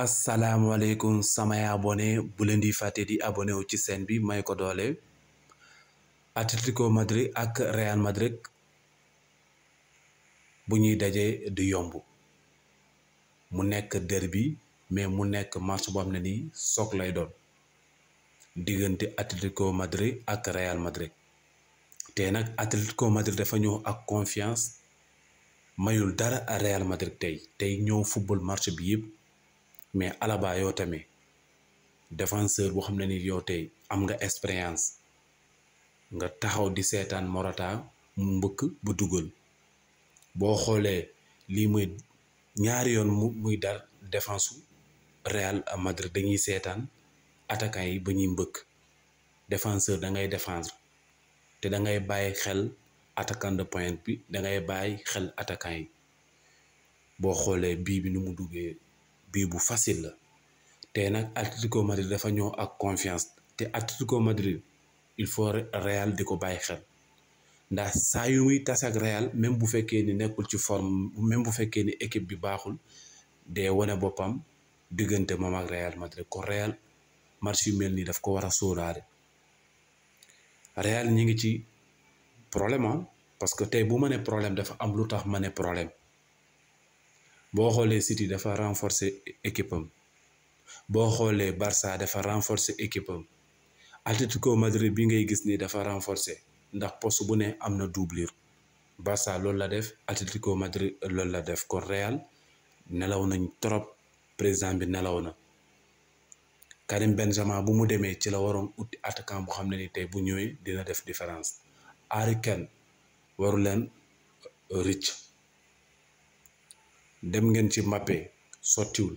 asalaamaaleykum samay abonné bu leen di fàtte di abonné wu ci seen bi may ko doole Atlético Madrid ak Real Madrid bu ñuy dajee di yomb mu nekk bi mais mu nekk match boo xam ne nii soog lay doon diggante Atlético Madrid ak Real Madrid te nag Atlético Madrid dafa ñëw ak confiance mayul dara Real Madrid tey tey ñëw football match bi yëpp. mais Alaba yow tamit défenseur boo xam ne ni yow tey am nga expérience nga taxaw di seetaan morota mu mbëkk bu dugal boo xoolee lii muy ñaari yoon mu muy dal défense su Real Madrid dañuy seetaan attaquant yi ba ñuy mbëkk défenseur da ngay défendre te da ngay bàyyi xel attaquant de pointe bi bàyyi xel attaquant yi boo xoolee bii bi nu mu duggee. bii bu facile la tey nag Atlético Madrid dafa ñëw ak confiance te atletico Madrid il faut Real di ko bàyyi xel ndax saa yu muy tas ak Real même bu fekkee ni nekkul ci forme même bu fekkee ni équipe bi baaxul dee wane boppam diggante moom ak Real Madrid ko Real match yu mel nii daf ko war a sóoraale Real ñi ngi ci problème ah parce que tey bu ma ne problème dafa am lu tax ma ne problème. boo xoolee City dafa renforcer équipe am boo xoolee barsa dafa renforcer équipe am Atlético Madrid bi ngay gis ni dafa renforcer ndax poste bu ne am na doublure Barça loolu la def Atlético Madrid loolu la def kon Real nelaw nañ trop président bi nelaw na Karim Benzema bu mu demee ci la waroon uti attaquant bu xam ne ni tey bu ñëwee dina def différence Harry Kane waru leen rëcc dem ngeen ci mappe sottiwul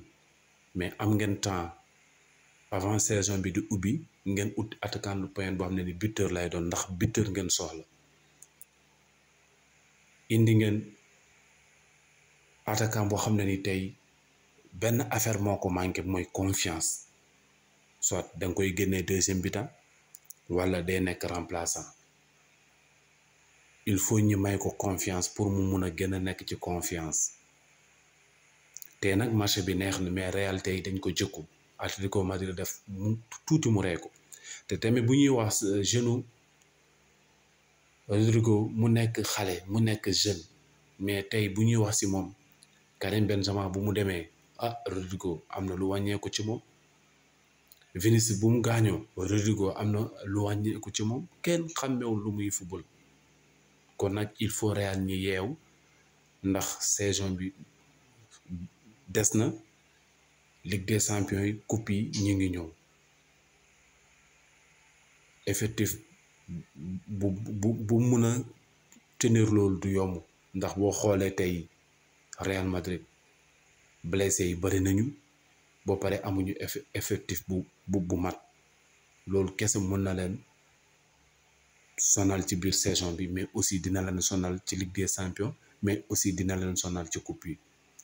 mais am ngeen temps avant saison bi di ubbi ngeen ut attaquant lu point boo xam ne ni buteur lay doon ndax buteur ngeen soxla indi ngeen attaquant boo xam ne ni tey benn affaire moo ko manqué mooy confiance soit da koy génnee deuxième bitam walla day nekk remplaçant il faut ñu may ko confiance pour mu mun a gën a nekk ci confiance. te nag marché bi na mais réalité yi dañ ko jëkku Madrid def mu mu te tamit euh, jeune Rodrigo mu nekk xale mu jeune mais tey bu wax si Karim Benzema bu mu ah Rodrigo am na lu wàññeeku ci moom Vinicius bu mu Rodrigo am na lu ci football kon il faut Real saison des ligue des champions yi coupe yi ngi effectif bu bu bu tenir lool du yomb ndax bo xolé tay Real Madrid blessé yi bari nañu bo pare amuñu effectif bu bu bu mat lool mën na sonal ci saison bi mais aussi dina sonal ligue des champions mais aussi dina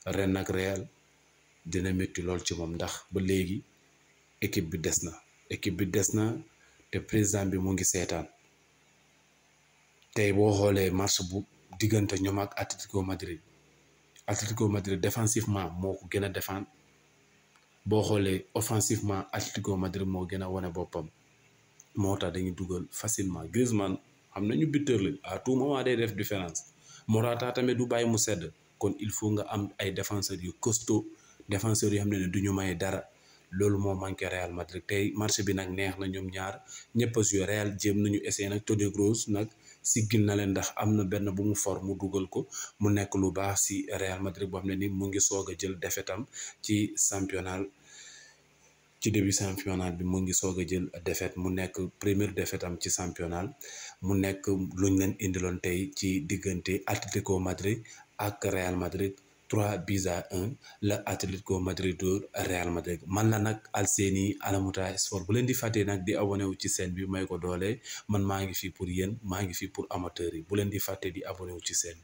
ren nag Real dina métti lool ci moom ndax ba léegi équipe bi des na équipe bi des na te président bi mu ngi seetaan te boo xoolee match bu diggante ñoom ak Atlético Madrid Atlético Madrid défensivement moo ko gën a défendre boo xoolee offensivement Atlético Madrid moo gën a wane boppam moo tax dañuy dugal facilement Griezmann am nañu buteur lañ à tout moment day def différence Morata tamit du bàyyi mu sedd. kon il faut nga am ay défenseurs yu costaud défenseurs yoo xam ne du ñu may dara loolu moo manqué Real Madrid tey marché bi nag neex na ñoom ñaar ñëpp a joué Real jéem nañu essayé nag de Kroos nag siggil na leen ndax am na benn bu mu for mu dugal ko mu nekk lu baax si Real Madrid boo xam ne ni mu ngi soog a jël defetam ci championnat ci début championnat bi mu ngi soog a jël défaite mu nekk première défaite am ci championnat mu nekk luñ leen indiloon tey ci diggante Atlético Madrid ak Real Madrid 3 buts à 1 la Atlético Madrid dóor Real Madrid man la nag Alseny Alamuta Sport bu leen di fàttee nag di abonné wu ci chaîne bi may ko doole man maa ngi fi pour yéen maa ngi fi pour amateurs yi bu leen di fàtte di abonné wu ci chaîne